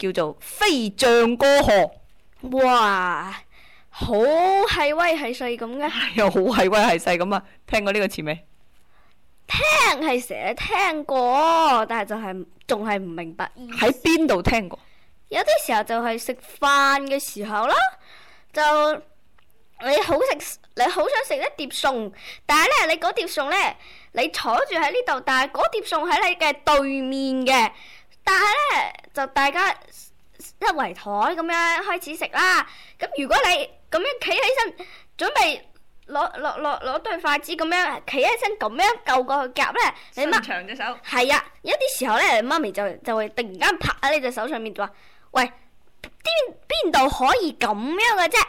叫做飛象過河！哇，好係威係勢咁嘅，係啊，好係威係勢咁啊！聽過呢個詞未？聽係成日聽過，但係就係仲係唔明白。喺邊度聽過？有啲時候就係食飯嘅時候啦，就你好食你好想食一碟餸，但係咧你嗰碟餸咧，你坐住喺呢度，但係嗰碟餸喺你嘅對面嘅。但係咧，就大家一圍台咁樣開始食啦。咁如果你咁樣企起身，準備攞攞攞攞對筷子咁樣企起身，咁樣夠過去夾咧，你咪長隻手係啊！有啲時候咧，媽咪就會就會突然間拍喺你隻手上面，就話：喂，邊邊度可以咁樣嘅啫？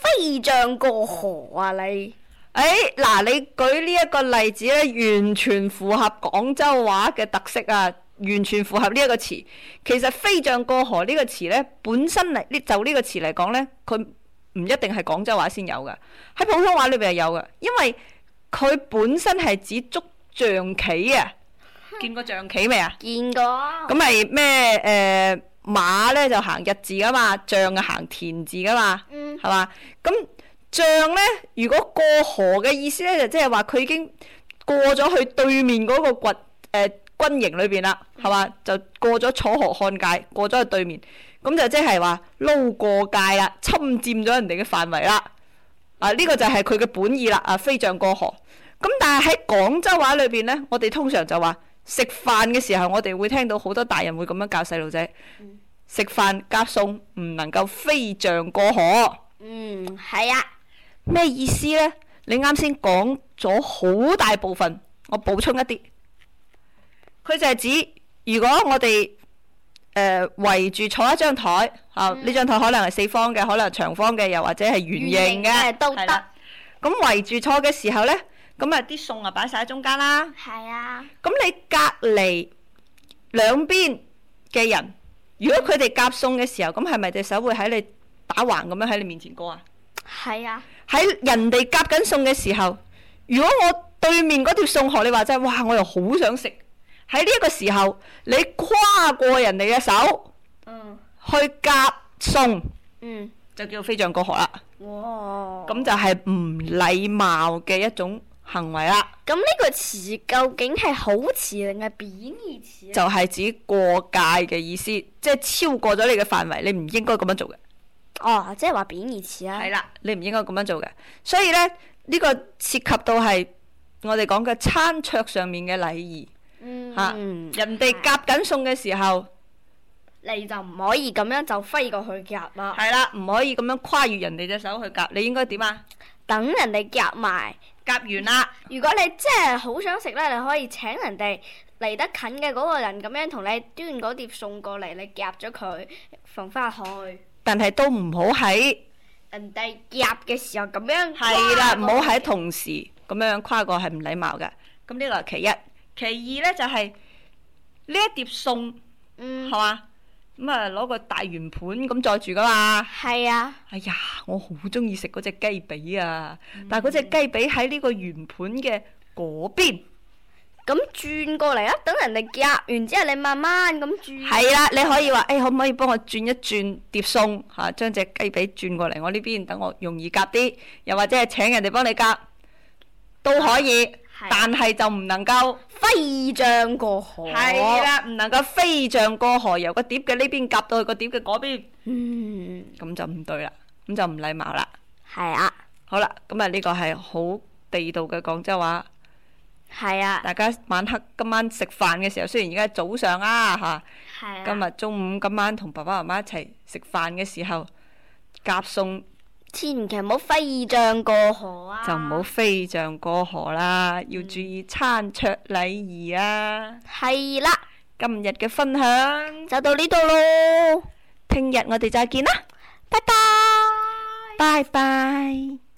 飛象過河啊你！你誒、哎，嗱，你舉呢一個例子咧，完全符合廣州話嘅特色啊！完全符合呢一個詞。其實飛象過河呢個詞呢，本身嚟呢就呢個詞嚟講呢，佢唔一定係廣州話先有嘅。喺普通話裏邊係有嘅，因為佢本身係指捉象棋啊。嗯、見過象棋未啊？見過。咁係咩誒馬呢？就行日字㗎嘛，象啊行田字㗎嘛，係嘛、嗯？咁象呢，如果過河嘅意思呢，就即係話佢已經過咗去對面嗰個掘誒。呃軍營裏邊啦，係嘛，就過咗楚河漢界，過咗去對面，咁就即係話撈過界啦，侵占咗人哋嘅範圍啦。啊，呢、這個就係佢嘅本意啦。啊，飛象過河。咁但係喺廣州話裏邊呢，我哋通常就話食飯嘅時候，我哋會聽到好多大人會咁樣教細路仔，嗯、食飯夾餸唔能夠飛象過河。嗯，係啊。咩意思呢？你啱先講咗好大部分，我補充一啲。佢就係指，如果我哋誒、呃、圍住坐一張枱嚇，呢、哦嗯、張枱可能係四方嘅，可能長方嘅，又或者係圓形嘅，都得。咁圍住坐嘅時候呢，咁啊啲餸啊擺晒喺中間啦。係啊的。咁你隔離兩邊嘅人，如果佢哋夾餸嘅時候，咁係咪隻手會喺你打橫咁樣喺你面前過啊？係啊的。喺人哋夾緊餸嘅時候，如果我對面嗰條餸，學你話齋，哇！我又好想食。喺呢一個時候，你跨過人哋嘅手、嗯、去夾餸，嗯、就叫飛象過河啦。咁哇就係唔禮貌嘅一種行為啦。咁呢、嗯、個詞究竟係好詞定係貶義詞？就係指過界嘅意思，即、就、係、是、超過咗你嘅範圍，你唔應該咁樣做嘅。哦，即係話貶義詞啦。係啦，你唔應該咁樣做嘅，所以呢，呢、這個涉及到係我哋講嘅餐桌上面嘅禮儀。吓、嗯，人哋夾緊送嘅時候，你就唔可以咁樣就飛過去夾啦。係啦，唔可以咁樣跨越人哋隻手去夾。你應該點啊？等人哋夾埋，夾完啦。如果你真係好想食呢，你可以請人哋嚟得近嘅嗰個人咁樣同你端嗰碟送過嚟，你夾咗佢放翻去。但係都唔好喺人哋夾嘅時候咁樣。係啦，唔好喺同時咁樣跨過，係唔禮貌嘅。咁呢個係其一。其二呢，就係、是、呢一碟餸，係嘛咁啊攞個大圓盤咁載住噶嘛。係啊。哎呀，我好中意食嗰隻雞髀啊！嗯、但係嗰隻雞髀喺呢個圓盤嘅嗰邊，咁、嗯、轉過嚟啊！等人哋夾完之後，你慢慢咁轉。係啦、啊，你可以話誒、欸，可唔可以幫我轉一轉碟餸嚇？將、啊、隻雞髀轉過嚟，我呢邊等我容易夾啲，又或者係請人哋幫你夾都可以。是啊、但係就唔能夠飛象過河，係啦、啊，唔、啊、能夠飛象過河，由個碟嘅呢邊夾到去個碟嘅嗰邊，嗯，咁就唔對啦，咁就唔禮貌啦，係啊，好啦，咁啊呢個係好地道嘅廣州話，係啊，大家晚黑今晚食飯嘅時候，雖然而家早上啦吓，啊，啊今日中午今晚同爸爸媽媽一齊食飯嘅時候夾餸。夾千祈唔好飛象過河啊！就唔好飛象過河啦，嗯、要注意餐桌禮儀啊！係啦，今日嘅分享就到呢度咯，聽日我哋再見啦，拜拜，拜拜 bye。Bye bye